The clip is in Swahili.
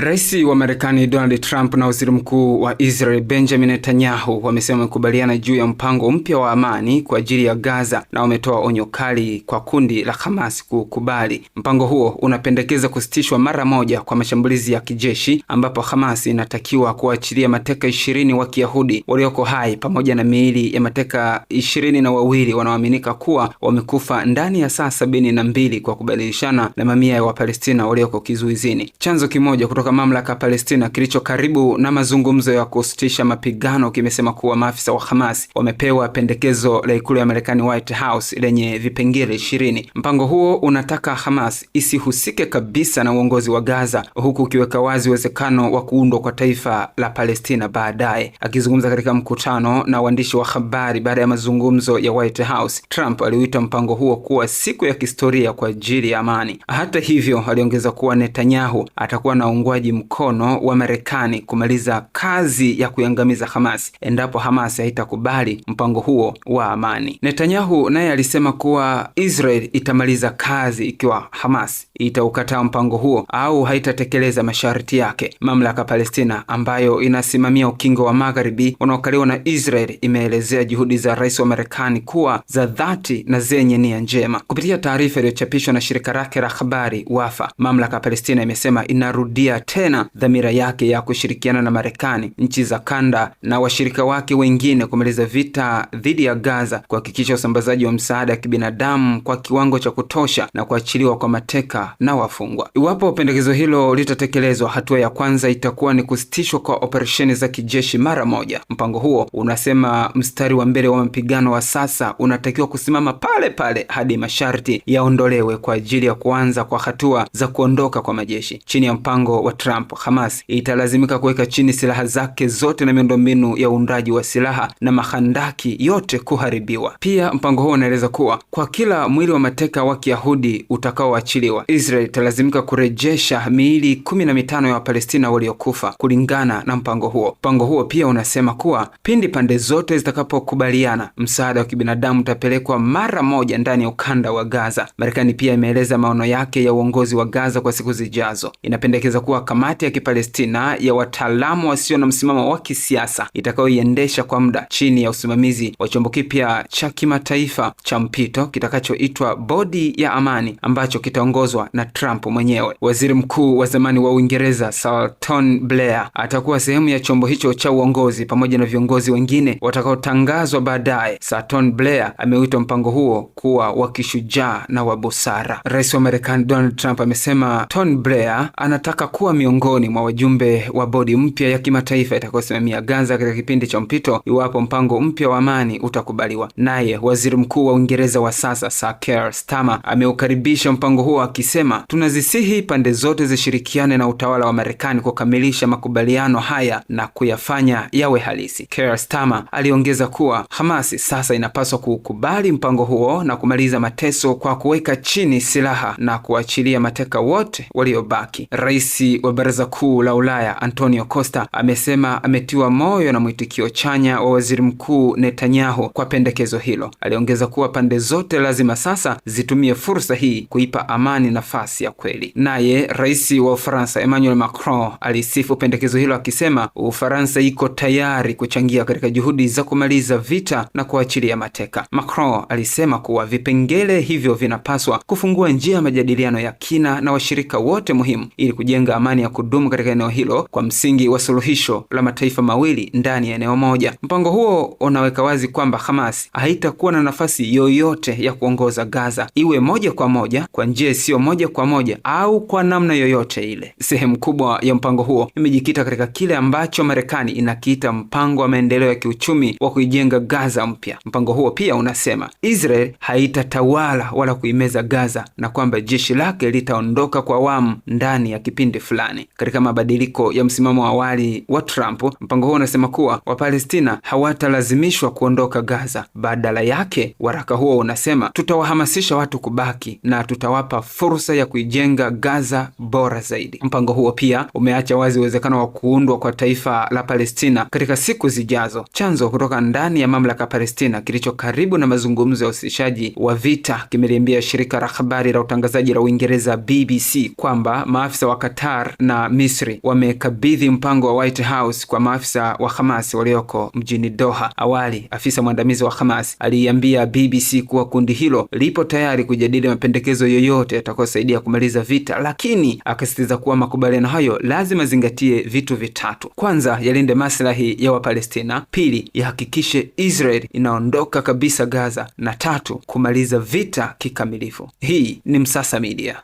Rais wa Marekani Donald Trump na waziri mkuu wa Israel Benjamin Netanyahu wamesema wamekubaliana juu ya mpango mpya wa amani kwa ajili ya Gaza na wametoa onyo kali kwa kundi la Hamas kukubali. Mpango huo unapendekeza kusitishwa mara moja kwa mashambulizi ya kijeshi ambapo Hamas inatakiwa kuachilia mateka ishirini wa Kiyahudi walioko hai pamoja na miili ya mateka ishirini na wawili wanaoaminika kuwa wamekufa ndani ya saa sabini na mbili kwa kubadilishana na mamia ya Wapalestina walioko kizuizini. Chanzo kimoja kutoka kutoka mamlaka Palestina kilicho karibu na mazungumzo ya kusitisha mapigano kimesema kuwa maafisa wa Hamas wamepewa pendekezo la ikulu ya Marekani White House lenye vipengele ishirini. Mpango huo unataka Hamas isihusike kabisa na uongozi wa Gaza, huku ukiweka wazi uwezekano wa kuundwa kwa taifa la Palestina baadaye. Akizungumza katika mkutano na waandishi wa habari baada ya mazungumzo ya White House, Trump aliuita mpango huo kuwa siku ya kihistoria kwa ajili ya amani. Hata hivyo, aliongeza kuwa Netanyahu atakuwa na uungwaji mkono wa Marekani kumaliza kazi ya kuiangamiza Hamas endapo Hamas haitakubali mpango huo wa amani. Netanyahu naye alisema kuwa Israel itamaliza kazi ikiwa Hamas itaukataa mpango huo au haitatekeleza masharti yake. Mamlaka Palestina ambayo inasimamia ukingo wa magharibi unaokaliwa na Israel imeelezea juhudi za rais wa Marekani kuwa za dhati na zenye nia njema. Kupitia taarifa iliyochapishwa na shirika lake la habari Wafa, mamlaka ya Palestina imesema inarudia tena dhamira yake ya kushirikiana na Marekani, nchi za kanda na washirika wake wengine kumaliza vita dhidi ya Gaza, kuhakikisha usambazaji wa msaada wa kibinadamu kwa kiwango cha kutosha na kuachiliwa kwa mateka na wafungwa. Iwapo pendekezo hilo litatekelezwa, hatua ya kwanza itakuwa ni kusitishwa kwa operesheni za kijeshi mara moja. Mpango huo unasema mstari wa mbele wa mapigano wa sasa unatakiwa kusimama pale pale hadi masharti yaondolewe kwa ajili ya kuanza kwa hatua za kuondoka kwa majeshi chini ya mpango wa Trump, Hamas italazimika kuweka chini silaha zake zote na miundombinu ya uundaji wa silaha na mahandaki yote kuharibiwa. Pia mpango huo unaeleza kuwa kwa kila mwili wa mateka wa Kiyahudi utakaoachiliwa, Israel italazimika kurejesha miili kumi na mitano ya Wapalestina waliokufa kulingana na mpango huo. Mpango huo pia unasema kuwa pindi pande zote zitakapokubaliana, msaada wa kibinadamu utapelekwa mara moja ndani ya ukanda wa Gaza. Marekani pia imeeleza maono yake ya uongozi wa Gaza kwa siku zijazo. Inapendekeza kuwa wa kamati ya Kipalestina ya wataalamu wasio na msimamo wa kisiasa itakayoiendesha kwa muda chini ya usimamizi wa chombo kipya cha kimataifa cha mpito kitakachoitwa Bodi ya Amani ambacho kitaongozwa na Trump mwenyewe. Waziri Mkuu wa zamani wa Uingereza Sir Tony Blair atakuwa sehemu ya chombo hicho cha uongozi pamoja na viongozi wengine watakaotangazwa baadaye. Sir Tony Blair ameuita mpango huo kuwa wa kishujaa na wa busara. Rais wa Marekani Donald Trump amesema Tony Blair anataka kuwa kuwa miongoni mwa wajumbe wa bodi mpya ya kimataifa itakayosimamia Gaza katika kipindi cha mpito iwapo mpango mpya wa amani utakubaliwa. Naye waziri mkuu wa Uingereza wa sasa Sir Keir Starmer ameukaribisha mpango huo akisema, tunazisihi pande zote zishirikiane na utawala wa Marekani kukamilisha makubaliano haya na kuyafanya yawe halisi. Keir Starmer aliongeza kuwa Hamasi sasa inapaswa kuukubali mpango huo na kumaliza mateso kwa kuweka chini silaha na kuachilia mateka wote waliobaki. Rais wa Baraza Kuu la Ulaya Antonio Costa amesema ametiwa moyo na mwitikio chanya wa Waziri Mkuu Netanyahu kwa pendekezo hilo. Aliongeza kuwa pande zote lazima sasa zitumie fursa hii kuipa amani nafasi ya kweli. Naye Rais wa Ufaransa Emmanuel Macron alisifu pendekezo hilo akisema Ufaransa iko tayari kuchangia katika juhudi za kumaliza vita na kuachilia mateka. Macron alisema kuwa vipengele hivyo vinapaswa kufungua njia ya majadiliano ya kina na washirika wote muhimu ili kujenga amani amani ya kudumu katika eneo hilo kwa msingi wa suluhisho la mataifa mawili ndani ya eneo moja. Mpango huo unaweka wazi kwamba Hamas haitakuwa na nafasi yoyote ya kuongoza Gaza, iwe moja kwa moja, kwa njia isiyo moja kwa moja, au kwa namna yoyote ile. Sehemu kubwa ya mpango huo imejikita katika kile ambacho Marekani inakiita mpango wa maendeleo ya kiuchumi wa kuijenga Gaza mpya. Mpango huo pia unasema Israel haitatawala wala kuimeza Gaza na kwamba jeshi lake litaondoka kwa awamu ndani ya kipindi fulani fulani. Katika mabadiliko ya msimamo wa awali wa Trump, mpango huo unasema kuwa Wapalestina hawatalazimishwa kuondoka Gaza. Badala yake, waraka huo unasema tutawahamasisha watu kubaki na tutawapa fursa ya kuijenga Gaza bora zaidi. Mpango huo pia umeacha wazi uwezekano wa kuundwa kwa taifa la Palestina katika siku zijazo. Chanzo kutoka ndani ya mamlaka ya Palestina kilicho karibu na mazungumzo ya usitishaji wa vita kimeliambia shirika la habari la utangazaji la Uingereza BBC kwamba maafisa wa Qatar na Misri wamekabidhi mpango wa White House kwa maafisa wa Hamas walioko mjini Doha. Awali, afisa mwandamizi wa Hamas aliiambia BBC kuwa kundi hilo lipo tayari kujadili mapendekezo yoyote yatakayosaidia kumaliza vita, lakini akasisitiza kuwa makubaliano hayo lazima zingatie vitu vitatu: kwanza, yalinde maslahi ya Wapalestina; pili, yahakikishe Israel inaondoka kabisa Gaza; na tatu, kumaliza vita kikamilifu. Hii ni Msasa Media.